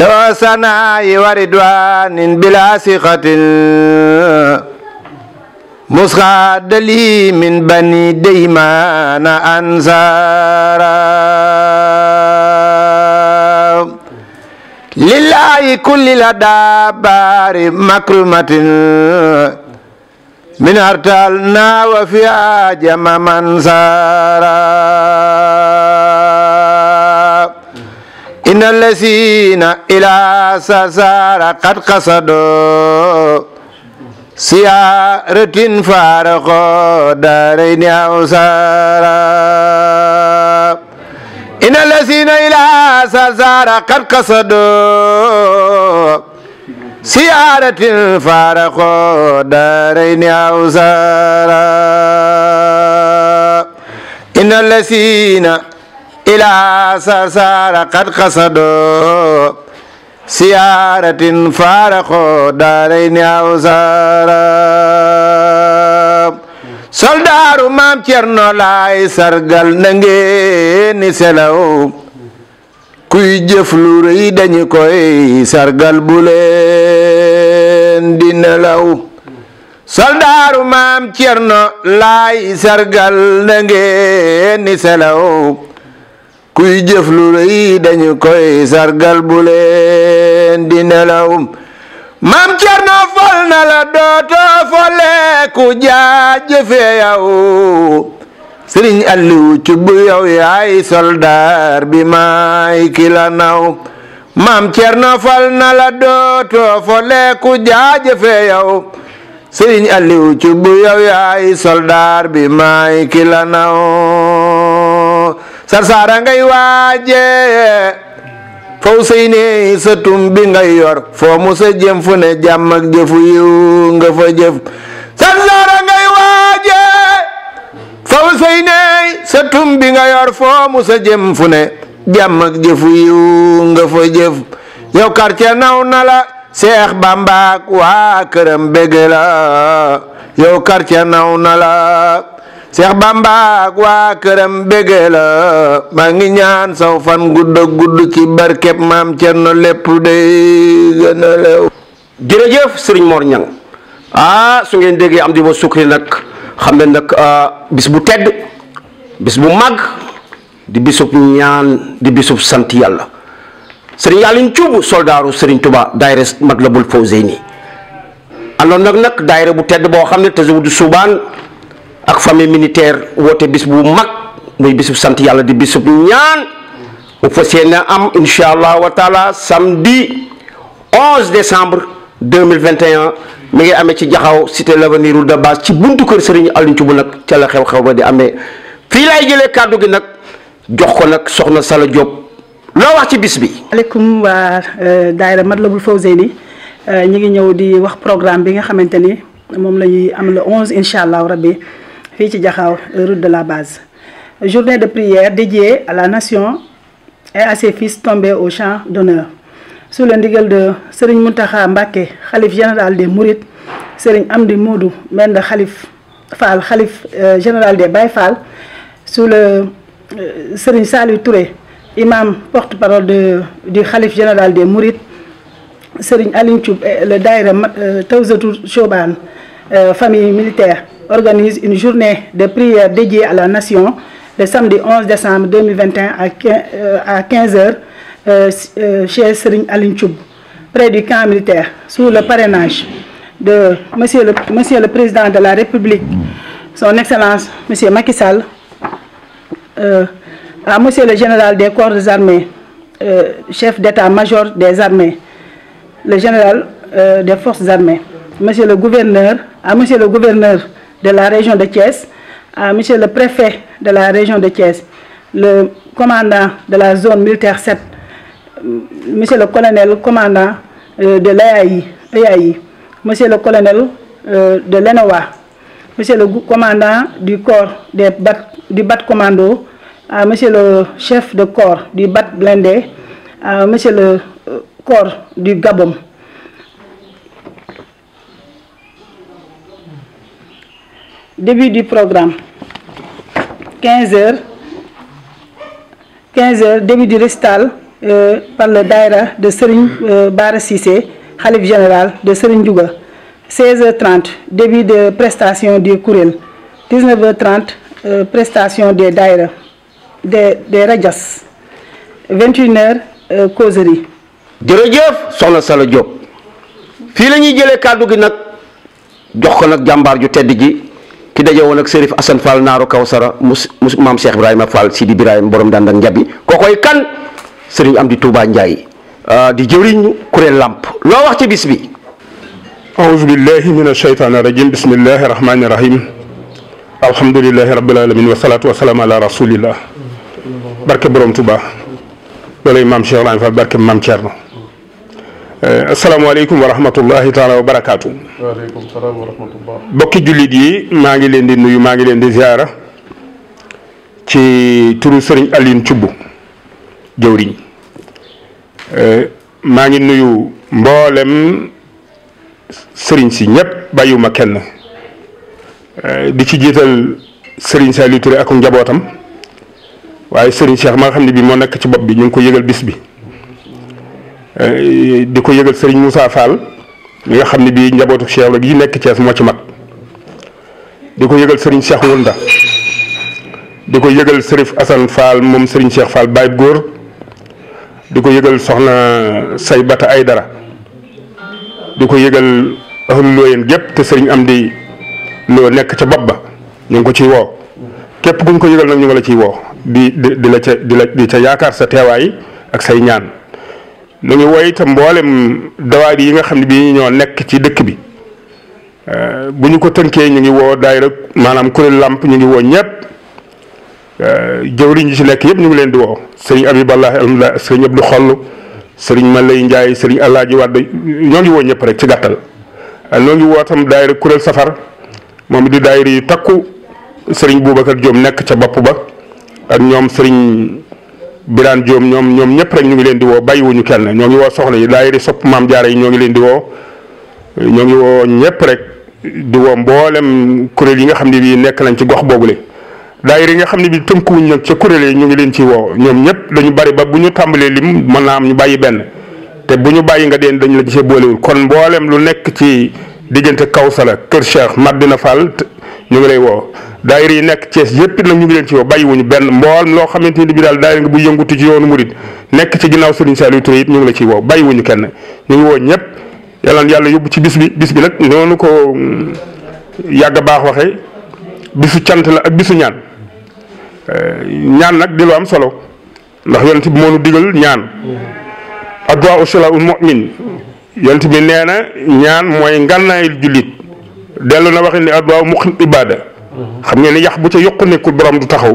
لو سناي وردوان بلا ثقة مسخاد لي من بني ديمان أنصارا لله كل لدابار مكرمة من أرتلنا وفيها جمع منصارا inna allazina ila sasara qad qasado siyaratin faraqo darayni awsara inna allazina ila sasara qad qasado siyaratin faraqo darayni awsara inna allazina ilaa sarsaara qad qasadoo siyaaratin faaraxoo daarayni aw saara soldaaru maam Cerno laay sargal na ngeen kuy jëf lu dañu koy sargal bu di nelaw soldaaru maam Cerno laay sargal na ngeen kuy jëf lu rëy dañu koy sargal bu leen di nelaw maam Cerno fol na la bi ki la fol na la dootoo fole ku jaajëfee yow sëriñ Aliou cubb yow yaay soldaar bi maay ki la naw sarsaara ngay waaje faw sëy sa tum bi ngay yor foo mu sa jëm fu ne ak jëfu yiw nga fa jëf sarsaara ngay waaje faw sëy sa tum bi nga yor foo sa jëm fu ne ak jëfu yiw nga jëf yow quartier naw na la seex bambaak waa këram bëgg la yow quartier naw na la Seex Bamba waa këram bégee la maa ngi ñaan saw fan gudd ak gudd ci barkeb maam Cerno lépp day gën a leew jërëjëf Serigne Mor ah su ngeen déggee am di ba sukri nag xam ne nag ah, bis bu tedd bis bu màgg di bisub ñaan di bisub sant yàlla Serigne Aliou Thioub soldaaru Serigne Touba daayira Matlabul Fawzeyni àndoon nag nag daayira bu tedd boo xam ne Tazawudu Subaan ak famille militaire woote bis bu mag muy bisu sant yàlla di bisub ñaan bu fas yéene am incha allah wa taala samedi 11 décembre 2021 mi ngi amee ci jaxaw cité l'avenir de base ci buntu kër Serigne Alioune bu nag ca la xew-xew ba di amee fii laay jëlee kàddu gi nag jox ko nag soxna Sala Diop loo wax ci bis bi. maaleykum waa euh, daayira Matlabul Fawzeyni euh, ñu ngi ñëw di wax programme bi nga xamante ni moom la ñuy am le 11 incha allah rabbi fii ci Jaxaaw route de la base journée de prière dédiée à la nation et à ses fils tombés au champ d'honneur sous le ndigal de Serigne Mountakha Mbacké xalif général des Mourides Serigne Amdi Modou Mbenda xalif Fall xalif euh, général des Baye Fall sous le euh, Serigne Saliou Touré imam porte-parole de du xalif général des Mourides Serigne Aline Thioub le daïra euh, Tawzatou Choban famille militaire organise une journée de prière dédiée à la nation le samedi 11 décembre 2021 à 15h euh, euh, euh, chez Serigne Aline Thioub, près du camp militaire, sous le parrainage de Monsieur le, Monsieur le Président de la République, Son Excellence Monsieur Macky Sall, euh, à Monsieur le Général des Corps des Armées, euh, chef d'état-major des armées, le Général euh, des Forces armées, Monsieur le Gouverneur, à Monsieur le Gouverneur de la région de Thiès, à euh, Monsieur le préfet de la région de Thiès, le commandant de la zone militaire 7, euh, Monsieur le colonel commandant euh, de l'EAI, EAI, Monsieur le colonel euh, de l'ENOA, Monsieur le commandant du corps des BAT, du BAT commando, à Monsieur le chef de corps du BAT blindé, Monsieur le corps du Gabon. début du programme 15 heures 15 heures début du récital euh, par le daïra de Serigne mm-hmm. euh, Bara Cissé khalife général de Serigne Diouga 16h30 début de prestation du kuréel 19h30 euh, prestation des daïra des des rajas 21h euh, causerie. jërëjëf soxna Sala Diop fii la ñuy jëlee kàddu gi nag jox ko nag jàmbaar ju tedd ji. ki daje woon ak Serif Assane Fall naaru Kawsara mus mus maam Cheikh Ibrahima Fall Sidi Ibrahima borom daan ak njabi kookoy kan Serigne Amdi Touba Ndiaye ah, di jëwriñ kuréel làmp loo wax ci bis bi aouzu billahi min asheytaani rajim bismillahi rahmani rahim alhamdulilahi rabbil alamin wasalaatu wasalaamu ala rasulillah barke borom Touba loolay maam barke maam Thierno Eh, asalaamaaleykum wa rahmatullahi taala wa barakaatu. waaleykum bokki jullit yi maa ngi leen di nuyu maa ngi leen di ziara ci turu sëriñ Alioune Thioub jëwriñ eh, maa ngi nuyu mboolem sëriñ si ñëpp ma kenn eh, di ci jiital sëriñ Saliou Touré ak njabootam waaye sëriñ Cheikh ma xam ne bii moo nekk ci bopp bi ñu ngi ko yëgal bis bi. Euh, di ko yëgal sëriñ Moussa Fall mi nga xam ne bii njabootu Cheikh la gi nekk Thiès moo ci mag di ko yëgal sëriñ Cheikh Wunda di ko yëgal sërif Assane Fall moom sëriñ Cheikh Fall baay góor di ko yëgal soxna say bata ay dara di ko yëgal ahlu looyeen gépp te sëriñ am di loo nekk ca bopp ba ñu ngi ko ciy woo képp ku ñu ko yëgal nag ñu ngi la ciy woo di di di la ca di la di ca yaakaar sa teewaay ak say ñaan nu ngi woy itam mboolem dawaar yi nga xam ne bii ñoo nekk ci dëkk bi euh, bu ñu ko tënkee ñu ngi woo daayira maanaam kuréel làmp ñu ngi woo ñëpp euh, jëwriñ yi ci nekk yëpp ñu ngi leen di woo sëriñ Abiballah alhamdulilah sëriñ Abdou Xoll sëriñ Malay Ndiaye sëriñ Alaaji Wàdd ñoo ngi woo ñëpp rek ci gàttal euh, ñoo ngi woo itam daayira kuréel safar moom di daayira yi takku sëriñ Boubacar Diom nekk ca bopp ba ak ñoom sëriñ Birane Diom ñoom ñoom ñëpp rek ñu ngi leen di woo bàyyiwuñu kenn ñoo ngi woo soxla yi daayiri sopp maam jaara yi ñoo ngi leen di woo ñoo ngi woo ñëpp rek di woo mboolem kuréel yi nga xam ne bii nekk nañ ci gox boobule. daayira yi nga xam ne bii tënkuwuñ nag ca kuréel yi ñu ngi leen ci woo ñoom ñëpp dañu bari ba bu ñu tàmbalee lim mën naa am ñu bàyyi benn te bu ñu bàyyi nga deen dañu la gisee boolewul kon mboolem lu nekk ci diggante Kawsala Kër Cheikh Madina Fall ñu ngi lay woo daayira yi nekk cees yëpp nag ñu ngi leen ci woo bàyyiwuñu benn mbool loo xamante ni bi daal daay daayira nga bu yëngutu ci yoonu murit nekk ci ginnaaw Serigne Saliou Touré it ñu ngi la ciy woo bàyyiwuñu kenn ñu ngi woo ñëpp yàlla yàlla yóbbu ci bis bi bis bi nag noonu ko mm, yàgg baax waxee bisu cant la ak bisu ñaan eh, ñaan nag di lu am solo ndax yonent bi moo nu digal ñaan addu'a ushalaa'ul mu'min yonent bi nee ñaan mooy ngànnaayul jullit dellu na waxin ne adwaaw muqim ibaada xam ngeen ne yax bu ca yokku nekkul borom du taxaw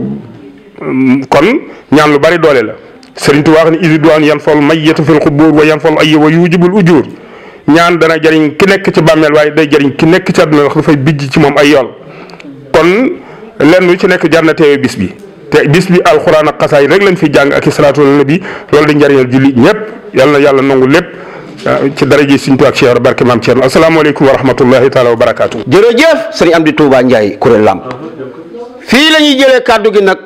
kon ñaan lu bari doole la sëriñ Tuubaa wax ne isiduwaan yan fol mayyatu fil xubur wa yan fol ayyi wa yujibul ujur ñaan dana jariñ ki nekk ci bàmmeel waaye day jëriñ ki nekk ci àdduna wax dafay bijj ci moom ay yool kon lenn lu ci nekk jar na teewe bis bi te bis bi alxuraan ak xasaay rek lañ fi jàng ak i salaatu nabi loolu di njëriñal julli ñëpp yal na yàlla nangu lépp ci dara ji suñ tuwaak Cheikh barke maam Thierno asalaamaaleykum wa rahmatullahi taala wa barakaatu. jërëjëf sëriñ Amdi Touba Ndiaye kuréel làmp fii lañuy ñuy kàddu gi nag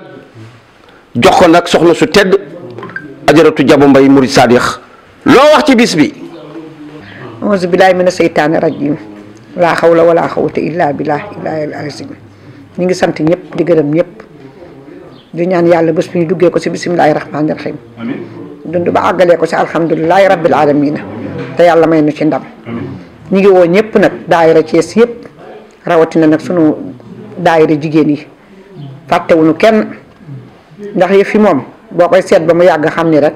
jox ko nag soxna su tedd ajaratu Jabu Mbay Murid Sadix loo wax ci bis bi. auzu billaahi mina seytaani rajiim laa xawla wala xawata illaa billaahi ilaahil aziim ñu ngi sant ñëpp di gërëm ñëpp di ñaan yàlla bés bu ñu duggee ko si bismillaahi rahmaani rahiim dund ba àggalee ko si alhamdulilahi rabbil aalamiina te yàlla may nu ci ndam ñu ngi woo nag daayira Thiès yëpp rawatina nag sunu daayira jigéen yi fàttewuñu kenn ndax yëf fi moom boo koy seet ba mu yàgg xam ni rek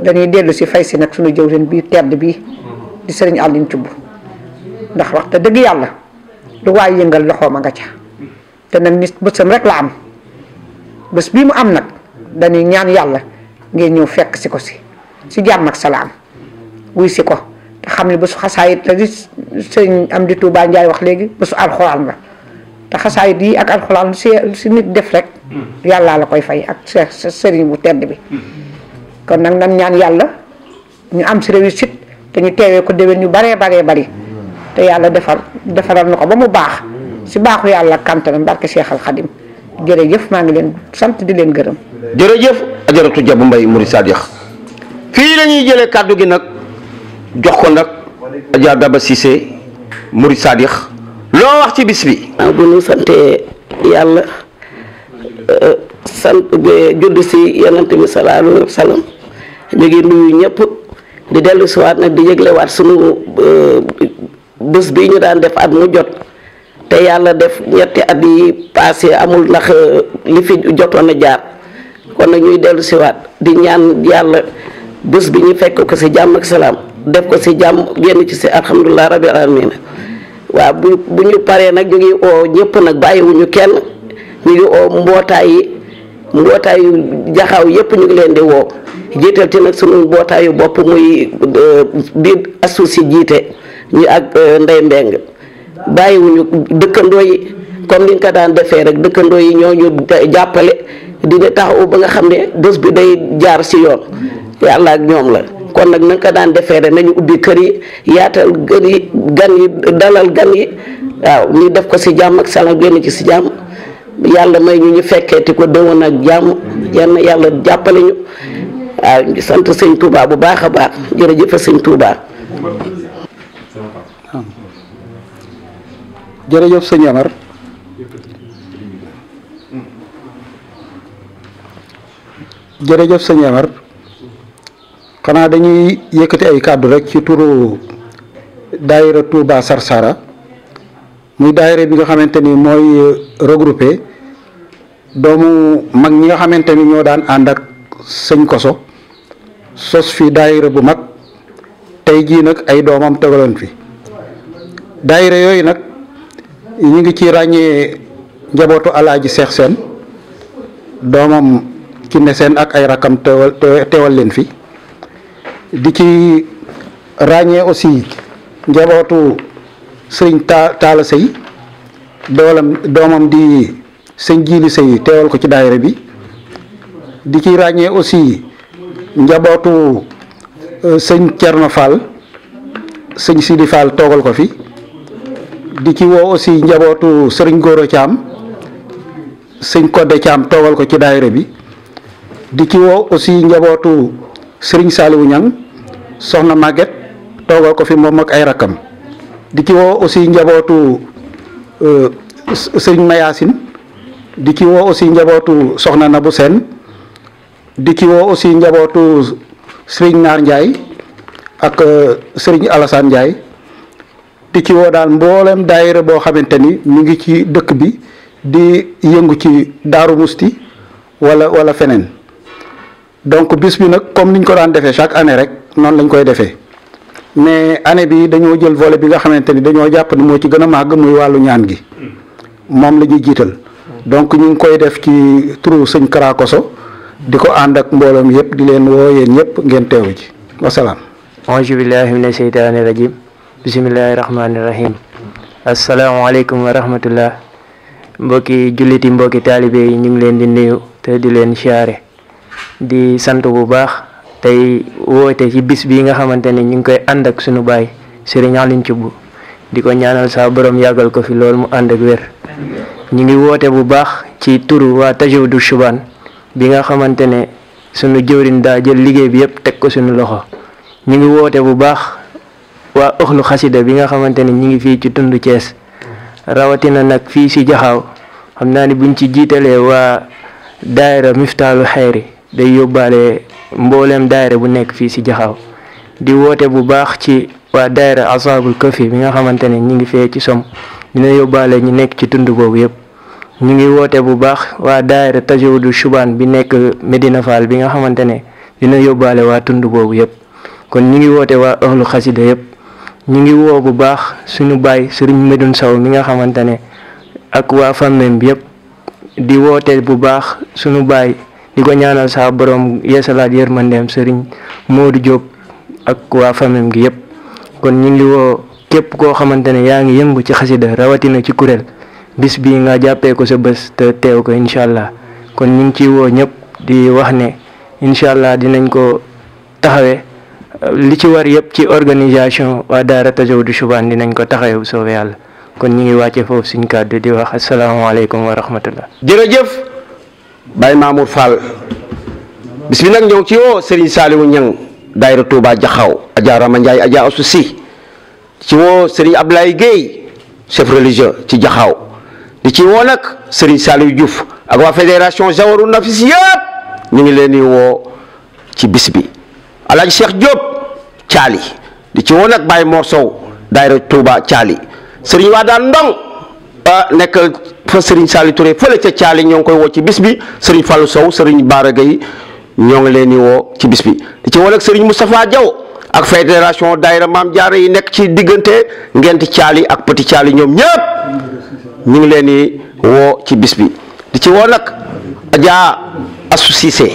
dañuy dellu si fay si nag sunu jëwriñ bii tedd bi di sëriñ Alioune Thioub ndax wax te dëgg yàlla lu waay yëngal loxoom a nga ca te nag nit bësam rek la am bés bii mu am nag danuy ñaan yàlla ngeen ñëw fekk si ko si si jàmm ak salaam wuy si ko te xam ne bésu xasaayit la di sëñ am di Touba njaay wax léegi bésu alxuraan la te xasaayit yi ak alxuraan si si nit def rek hmm. yàllaa la koy fay ak sa sëriñ bu tedd bi hmm. kon nag nan ñaan yàlla ñu am si réussite te ñu teewee ko déwén ñu baree baree bari te yàlla defar defaral na ko ba mu baax si baaxu yàlla ak kàntanam barke Cheikh Al Khadim jërëjëf maa ngi leen sant di leen gërëm. jërëjëf ajaratu Jabu Mbay Mouride Sadiq fii la ñuy jëlee jox ko nag Adja Daba Cissé Mouride Sadikh loo wax ci bis bi. waaw bu euh, si yonent bi nuyu ñëpp di dellu si waat nag di yëglewaat sunu euh, bés bi ñu daan def at mu jot te yàlla def ñetti at yi passé amul ndax euh, li fi jotoon a jaar kon nag ñuy dellu si waat di ñaan yàlla bés bi ñu fekk ko si jàmm ak salaam. def ko si jàmm genn ci si alhamdulilah rabbil alamin waaw bu bu ñu paree nag ñu ngi oo ñëpp nag bàyyiwuñu kenn ñu ngi oo mbootaay yi mbootaayu jaxaw yëpp ñu ngi leen di woo jiital ci nag sunu mbootaayu bopp muy biir eh, associé jiite ñu ak eh, ndey mbeng bàyyiwuñu dëkkandoo yi comme ni nga ko daan defee rek dëkkandoo yi ñoo ñu jàppale dina taxawu ba nga xam ne bés bi day jaar si yoon yàlla ak ñoom la kon nag na nga daan defee rek nañu ubbi kër yi yaatal kër yi gan yi dalal gan yi waaw ñu def ko si jàmm ak salaam génn ci si jàmm yàlla may ñu ñu fekkeeti ko déwoon ak jàmm yenn yàlla jàppale ñu waaw ñu sant sëñ Touba bu baax a baax jërëjëf sëñ Touba. jërëjëf sëñ Amar jërëjëf sëñ Amar xanaa dañuy yëkkati ay kàddu rek ci turu daayira Touba Sarsara muy daayira bi nga xamante ni mooy regroupé doomu mag ñi nga xamante ni ñoo daan ànd ak sëñ koso sos fi daayira bu mag tey jii nag ay doomam tegaloon fi daayira yooyu nag ñu ngi ci ràññee njabootu ji seex seen doomam ci ne seen ak ay rakkam teewal leen fi di ci ràññee aussi njabootu sëriñ taala sëy doolam doomam di sëñ jiili sëy teewal ko ci daayira bi di ci ràññee aussi njabootu euh, sëñ Cerno Fall sëñ Sidi Fall toogal ko fi di ci woo aussi njabootu sëriñ Goro Thiam sëñ Kodde Thiam toogal ko ci daayira bi di ci woo aussi njabootu sëriñ Saliou Niang soxna Maguette toogal ko fi moom ak ay rakkam di ci woo aussi njabootu euh, sëriñ Mayacine di ci woo aussi njabootu soxna Nabou Sène di ci woo aussi njabootu sëriñ Naar Ndiaye ak euh, sëriñ Alassane Ndiaye di ci woo daal mboolem daayira boo xamante ni mu ngi ci dëkk bi di yëngu ci Daaru Musti wala wala feneen donc bis comme nag ñu ko daan defee chaque année rek noonu lañ koy defee mais année bi dañoo jël volet bi nga xamante ni dañoo jàpp ni moo ci gën a màgg muy wàllu ñaan gi moom la ñuy jiital donc ñu ngi koy def ci turu sëñ Kara di ko ànd ak mbooloom yëpp di leen woo yéen ñëpp ngeen teewu ji wasalaam aaju billahi mina sheytaani rajim bisimillahi rahmaani rahim asalaamaaleykum wa rahmatullah mbokki julliti mbokki taalibe yi ñu ngi leen di nuyu te di leen siyaare di sant bu baax tey woote ci bis bi nga xamante ne ñu ngi koy ànd ak sunu baay Serigne Alioune Thioub di ko ñaanal saa borom yàggal ko fi loolu mu ànd ak wér ñu ngi woote bu baax ci turu waa Tajawudu Chubaan bi nga xamante ne sunu jëwriñ daa jël liggéey bi yëpp teg ko sunu loxo ñu ngi woote bu baax waa ëxlu xasida bi nga xamante ne ñu ngi fii ci tund Cees rawatina nag fii si jaxaw xam naa ni buñ ci jiitalee waa daayira Miftaalu Xayri day yóbbaale mbooleem daayira bu nekk fii si jaxaw di woote bu baax ci waa daayira asaabul kafi bi nga xamante ne ñi ngi fee ci som dina yóbbaale ñi nekk ci tund boobu yëpp ñu ngi woote bu baax waa daayira tajawudu shubaan bi nekk Medina Fall bi nga xamante ne dina yóbbaale waa tund boobu yëpp kon ñu ngi woote waa ahlu xasida yëpp ñu ngi woo bu baax sunu baay sëriñ Medoune Sow mi nga xamante ne ak waa famem yëpp di woote bu baax sunu baay di ko ñaanal saa borom yeesalaat yërmandeem sëriñ Modou Diop ak waa famille gi yëpp kon ñu ngi woo képp koo xamante ne yaa ngi yëngu ci xasida rawatina ci kuréel bis bii nga jàppee ko sa bës teew ko incha allah kon ñu ngi ciy woo ñëpp di wax ne incha allah dinañ ko taxawee li ci war yëpp ci organisation waa daara Tazawudu Chubaan dinañ ko taxawee bu yàlla kon ñu ngi wàcce foofu suñ kàddu di wax asalaamaaleykum wa rahmatullah jërëjëf Baye Mamour Fall bis bi nag ñoo ci woo Serigne Saliou Niang daayira Touba Jaxaw Adja Rama Ndiaye Adja Assou Sy ci woo Serigne Ablaye Guèye chef religieux ci Jaxaw di ci woo nag Serigne Saliou Diouf ak waa fédération Jawaru Nafis yëpp ñu ngi leen di woo ci bis bi Alaaji Cheikh Diop Thiali di ci woo nag Baye Mor Sow daayira Touba Thiali Serigne Wadaan Ndong ah, nekk fa sëriñ Saliou Touré fële ca Thiali ñoo ngi koy woo ci bis bi sëriñ Fallou Sow sëriñ Bara Gueye ñoo ngi leen di woo ci bis bi di ci woo ak sëriñ Moustapha Diaw ak fédération daayira Maam Jaara yi nekk ci diggante ngent Thiali ak Petit Thiali ñoom ñëpp ngi leen di ci bis ci woo nag Adja Assou Cissé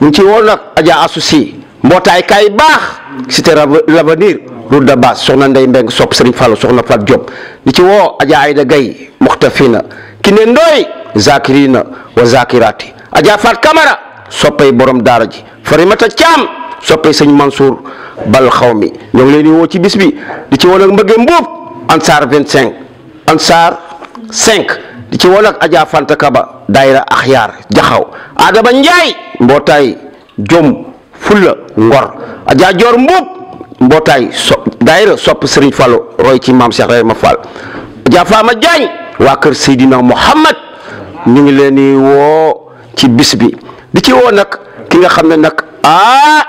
ñu ci woo nag Adja Assou Cissé mbootaay kaay baax c'était l'avenir Lourdes Bass soxna Ndeye Mbeng sopp Serigne Fallou soxna Fat Diop di ci woo Adja Ayda Gaye Muxtafina Kine Ndoy Zakirina wa Zakirati Adja Fat Camara soppay boroom daara ji Farimata Caam soppay sëñ Mansour Bal Xawmi ñoo ngi leen di woo ci bis bi di ci woo nag mbëggee mbuub Ansar cinq Ansar 5 di ci woo nag Adja Fanta Kaba Daayira Axyaar Jaxaw Adama Njaay mbootaay Jom Fulla Ngor Adja Joor Mbuub mbootaay sopp daayira sopp Serigne Fallou roy ci maam Cheikh Rayma Fall Jafaama Jaañ waa kër Seydina Muhammad ñu ngi leen di woo ci bis bi di ci woo nag ki nga xam ne nag ah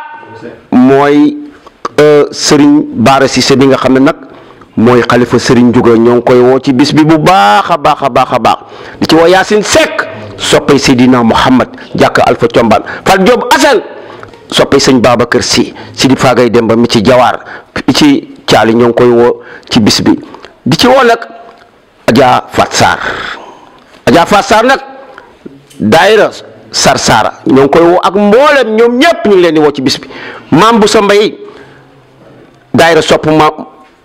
mooy euh, Serigne Bara Cissé bi nga xam ne nag mooy xalifa Serigne Juga ñoo ngi koy woo ci bis bi bu baax a baax a baax a baax di ci woo Yacine Seck soppay Seydina Muhammad jàkk Alpha Combaan Fat Joob Asan soppe sëñ kër si si di faagay dem ba mi ci jawaar ci caali ñoo ngi koy woo ci bis bi di ci woo nag Adja Fat Sarr Adja Fat Sarr nag daayira Sar Sara ñoo ngi koy woo ak mboolem ñoom ñëpp ñu ngi leen di woo ci bis bi maam bu sa mbay daayira sopp ma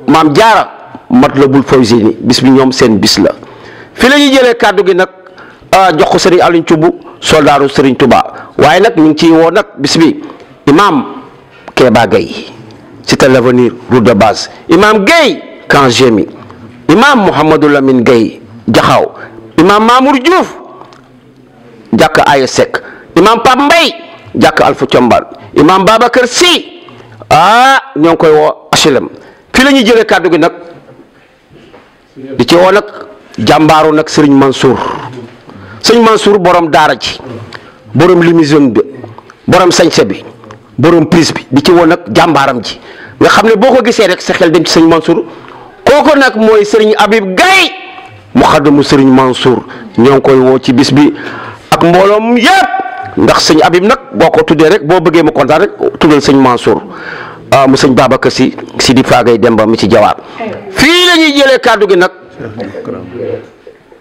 maam jaara Matlabul Fawzeyni bis bi ñoom seen bis la fi la ñuy kàddu gi nag ah, jox ko sëriñ Aliou soldaaru Serigne Touba waaye nag ñu ngi ciy woo nag bis bi imaam Kéba Gueye Cité l'avenir route de base imaam Gueye Kangemi imaam Mouhamadou Lamine Gueye Jaxaw imaam Mamour Diouf jàkk Aye Seck imaam Pape Mbaye jàkk Alfu Combal imaam Babacar Sy ah ñoo ngi koy woo HLM fii la ñuy jëlee kàddu gi nag di ci woo nag jàmbaaru nag Serigne Mansour. sëñ Mansour borom daara ji boroom limousine bi borom sañse bi borom prise bi di ci woon ak jàmbaaram ji nga xam ne boo ko gisee rek sa xel dem ci sëñ koo kooku nag mooy sëriñ Habib Gaye mu mu sëriñ Mansour ñoo ngi koy woo ci bis bi ak mbooloom yépp ndax sëñ Habib nag boo ko tuddee rek boo bëggee mu kontaan rek tuddal sëñ Mansour ah mu sëñ Babacar si si di faagay Demba mu ci jawaar fii la ñuy kàddu gi nag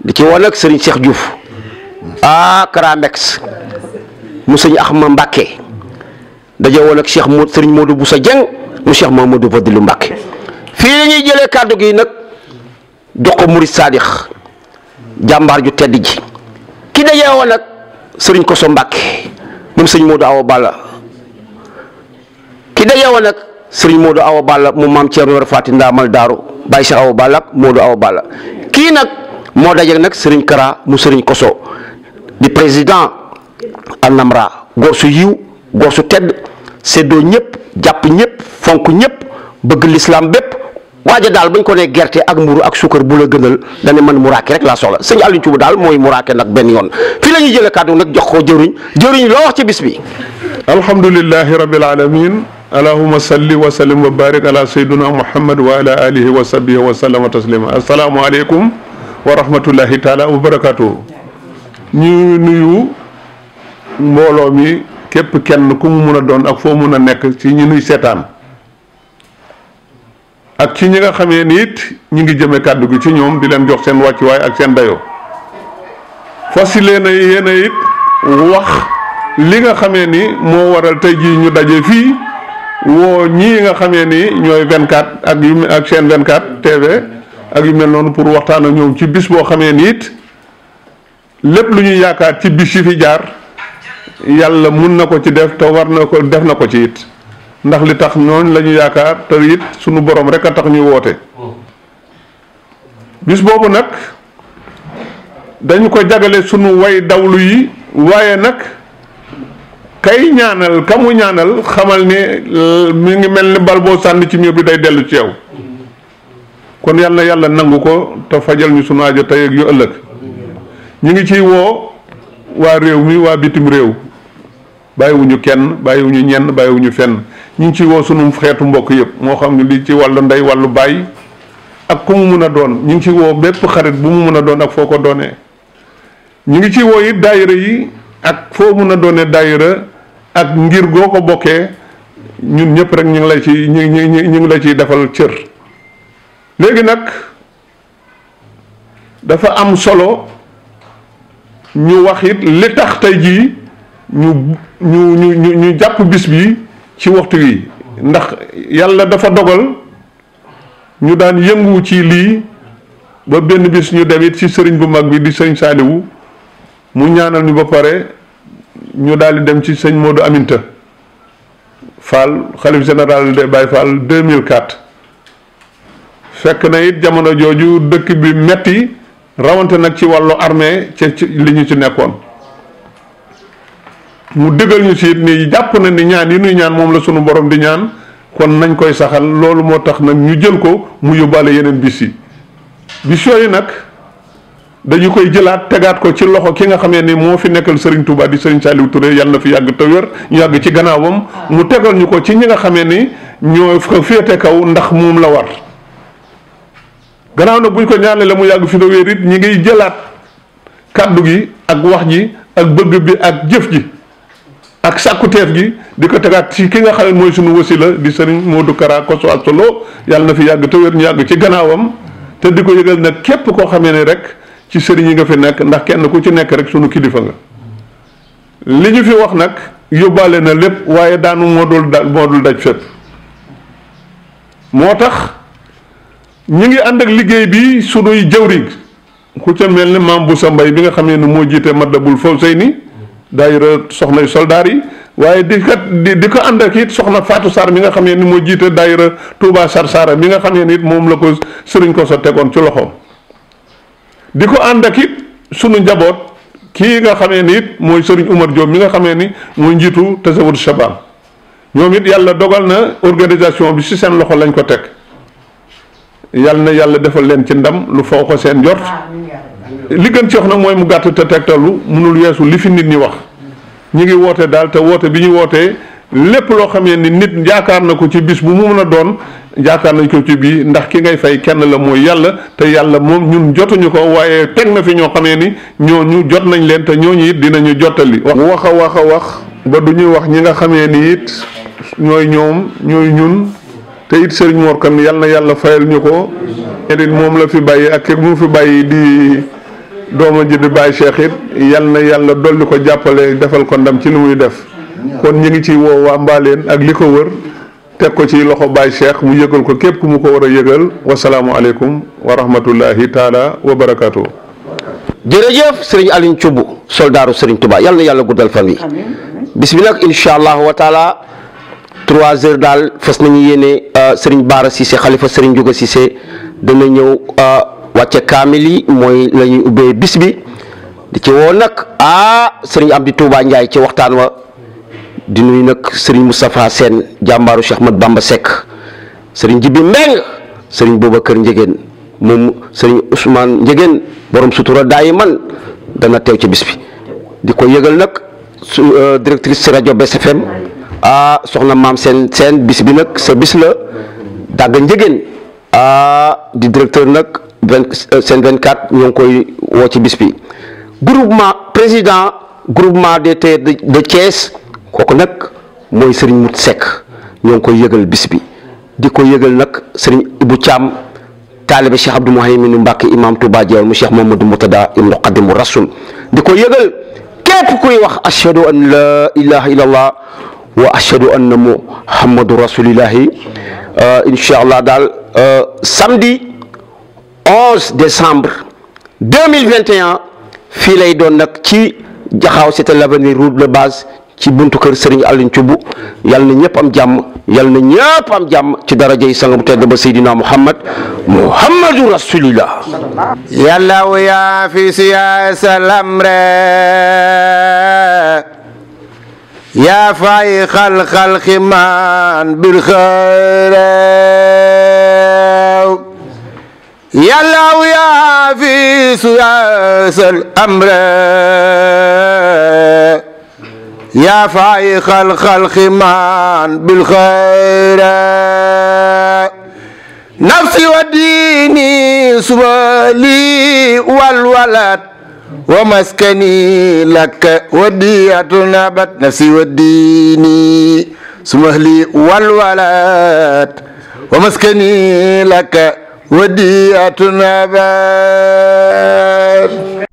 di ci woon ak sëriñ Cheikh Diouf. ah Karamex mu sëñ ma Mbacke daje woon ak Cheikh Modou Serigne Modou Boussa Dieng mu moo Mamadou Fadilou Mbacke fii la ñuy kàddu gi nag jox ko Murid Sadix jàmbaar ju tedd ji ki daje woon nag Serigne Koso Mbacke moom sëñ Modou Awa Balla ki daje woon nag Serigne Modou Awa Balla mu maam Thierno Wér Fati Ndamal Daaru Baye Cheikh Awa Balla Modou kii nag moo daje nag sëriñ karaa mu Serigne Koso. di président Al-Namra góor su yiw góor tedd séddoo ñëpp jàpp ñëpp fonk ñëpp bëgg lislaam bépp waaja daal bañ ko ne gerte ak mburu ak suukar bu la gënal dane man muraake rek laa soxla sëñ Aliou Thioub daal mooy muraake nag benn yoon fii la jële jëlee nag jox ko jëriñ jëriñ loo wax ci bis bi alhamdulillahi rabbil alamin allahuma salli wa sallim wa barik ala sayyidina muhammad wa ala alihi wa sahbihi wa sallama taslima assalaamu aleykum wa rahmatullahi taala wa ñu nuyu mbooloo mi képp kenn ku mu mën a doon ak foo mën a nekk ci ñi nuy seetaan ak ci ñi nga xamee ni it ñi ngi jëme kàddu gi ci ñoom di leen jox seen waay ak seen dayoo fas leen a it wax li nga xamee ni moo waral tey jii ñu daje fii woo ñii nga xamee ni ñooy 24 ak yu ak seen 24 TV ak yu mel noonu pour waxtaan ak ñoom ci bis boo xamee ni it lépp lu ñuy yaakaar ci bis yu fi jaar yàlla mun na ko ci def te war na ko def na ko ci it ndax li tax noonu la ñu yaakaar te it sunu borom rek a tax ñu woote bis boobu nag dañu ko jagale sunu way dawlu yi waaye nag kay ñaanal ka ñaanal xamal ni mi ngi mel ni bal boo sànni ci miir bi day dellu ci yow kon yàlla yàlla nangu ko te fajal ñu sunu aajo tey ak yu ëllëg ñu ngi ciy woo waa réew mi waa bitim réew bàyyiwuñu kenn bàyyiwuñu ñenn bàyyiwuñu fenn ñu ngi ciy woo sunu xeetu mbokk yëpp moo xam ne lii ci wàllu ndey wàllu bàyyi ak ku mu mun a doon ñu ngi ciy woo bépp xarit bu mu mën a doon ak foo ko doonee ñu ngi ciy woo it daayira yi ak foo mun a doonee daayira ak ngir goo ko bokkee ñun ñëpp rek ñu ngi la ci ñu ñu ñu ngi la ciy defal cër léegi nag dafa am solo. ñu wax it li tax tey jii ñu ñu ñu ñu jàpp bis bi ci waxtu wi ndax yàlla dafa dogal ñu daan yëngu ci lii ba benn bis ñu dem it ci sëriñ bu mag bi di sëriñ Saaliwu mu ñaanal ñu ba pare ñu daal di dem ci sëñ Modou Aminta Fall xalif général de Baye Fall 2004 fekk na it jamono jooju dëkk bi metti rawante nag ci wàllu armee ci ci li ñu ci nekkoon mu dëggal ñu siit ni jàpp na ni ñaan yi nuy ñaan moom la sunu boroom di ñaan kon nañ koy saxal loolu moo tax nag ñu jël ko mu yóbbaale yeneen bis yi bis yooyu nag dañu koy jëlaat tegaat ko ci loxo ki nga xamee ni moo fi nekkal sëriñ Touba di Serigne Saliou Touré yàlla na fi yàgg te ñu yàgg ci gannaawam mu tegal ñu ko ci ñi nga xamee ni ñoo féete kaw ndax moom la war gannaaw na buñ ko ñaanee la mu yàgg fi na wéer it ñi ngiy jëlaat kàddu gi ak wax ji ak bëgg bi ak jëf ji ak sàkkuteef gi di ko tegaat ci ki nga xam ne mooy sunu wasila di sëriñ Modou Kara Kosso Asolo yàlla na fi yàgg te wér ñu yàgg ci gannaawam te di ko yëgal na képp koo xamee ne rek ci sëriñ yi nga fi nekk ndax kenn ku ci nekk rek sunu kilifa nga li ñu fi wax nag yóbbaale na lépp waaye daanu moo dul daj moo dul daj fépp moo tax ñi ngi ànd ak liggéey bi sunuy jëwriñ ku ca mel ni maam bu sa mbay bi nga xam ne ni moo jiite Matlaboul Fawzayni daayira soxnay soldaar yi waaye di kat di ko ànd ak it soxna Fatou saar bi nga xam ne ni moo jiite daayira Touba Sar Sara mi nga xam ne it moom la ko sëriñ ko sa tegoon ci loxoom di ko ànd ak it sunu njaboot kii nga xamee ni it mooy sëriñ Umar Diop mi nga xamee ni mooy njiitu tasawur shabab ñoom it yàlla dogal na organisation bi si seen loxo lañ ko teg yal na yàlla defal leen ci ndam lu faw ko seen jot li gën ci wax nag mooy mu gàtt te tegtalu mënul weesu li fi nit ñi wax ñi ngi woote daal te woote bi ñu wootee lépp loo xamee ni nit yaakaar na ko ci bis bu mu mën a doon yaakaar nañ ko bii ndax ki ngay fay kenn la mooy yàlla te yàlla moom ñun jotuñu ko waaye teg na fi ñoo xamee ni ñooñu jot nañ leen te ñooñu it dinañu jottali. wax a wax a wax ba du ñuy wax ñi nga xamee ni it ñooy ñoom ñooy ñun. te it sëriñ Mor Kane yal na yàlla fayal ñu ko it moom la fi bàyyi ak képp mu fi bàyyi di dooma ji di bàyyi Cheikh it yal na yàlla dolli ko jàppale defal ko ndam ci li muy def kon ñu ngi ci woo waa mbaaleen ak li ko wër teg ko ci loxo Baye Cheikh mu yëgal ko képp mu ko war a yëgal wasalaamualeykum wa rahmatullahi taala wa barakaatu. jërëjëf sëriñ Alioune Thioub soldaaru sëriñ Touba yal na yàlla guddal fan yi bis bi nag incha trois heures daal fas nañu yéene euh, sëriñ Baara Cissé xalifa sëriñ Juga Cissé dana ñëw euh, wàcce kaamil yi mooy la ñuy ubbee bis bi di ci woo nag ah sëriñ Abdi Touba Ndiaye ci waxtaan wa di nuyu nag sëriñ Moustapha seen jàmbaaru Cheikh Mat Bamba Seck sëriñ Jibi Mbeng sëriñ Boubacar Njëgéen moom sëriñ Ousmane Njëgéen borom sutura daay man dana teew ci bis bi di ko yëgal nag su euh, directrice rajo BSFM ah soxna maam seen seen bis bi nag sa bis la dàgg njëgeen ah di directeur nag vingt seen 24 ñoo ngi koy woo ci bis bi groupement président groupement des terres de Thiès kooku nag mooy sëriñ Mut Seck ñoo ngi koy yëgal bis bi di ko yëgal nag sëriñ Ibou Thiam taalibe Cheikh Abdou Mouhaïmin Mbacke imam Touba Diaw mu Cheikh Mamadou Moutada ibnu Qadimu Rasul di ko yëgal képp kuy wax ashhadu an la ilaha wa ashhadu anna muhammadu rasulillahi euh, incha allah daal euh, samedi 11 décembre 2021 fii lay doon nag ci jaxaaw c'était l'avenir route de base ci buntu kër Serigne Alioune Thioub yal na ñëpp am jàmm yal na ñëpp am jàmm ci daraja yi sanga bu tedd Seydina Muhammad Muhammadu Rasulillah yaa fay xal-xal ximaan bil xëraw yàllaw yaa fi suyaasal amre yaa fay xal-xal ximaan bil xëra nafsi wa diini suba lii wal walat ومسكني لك وديعة نابت نفسي وديني ثم أهلي والولد ومسكني لك وديعة نابت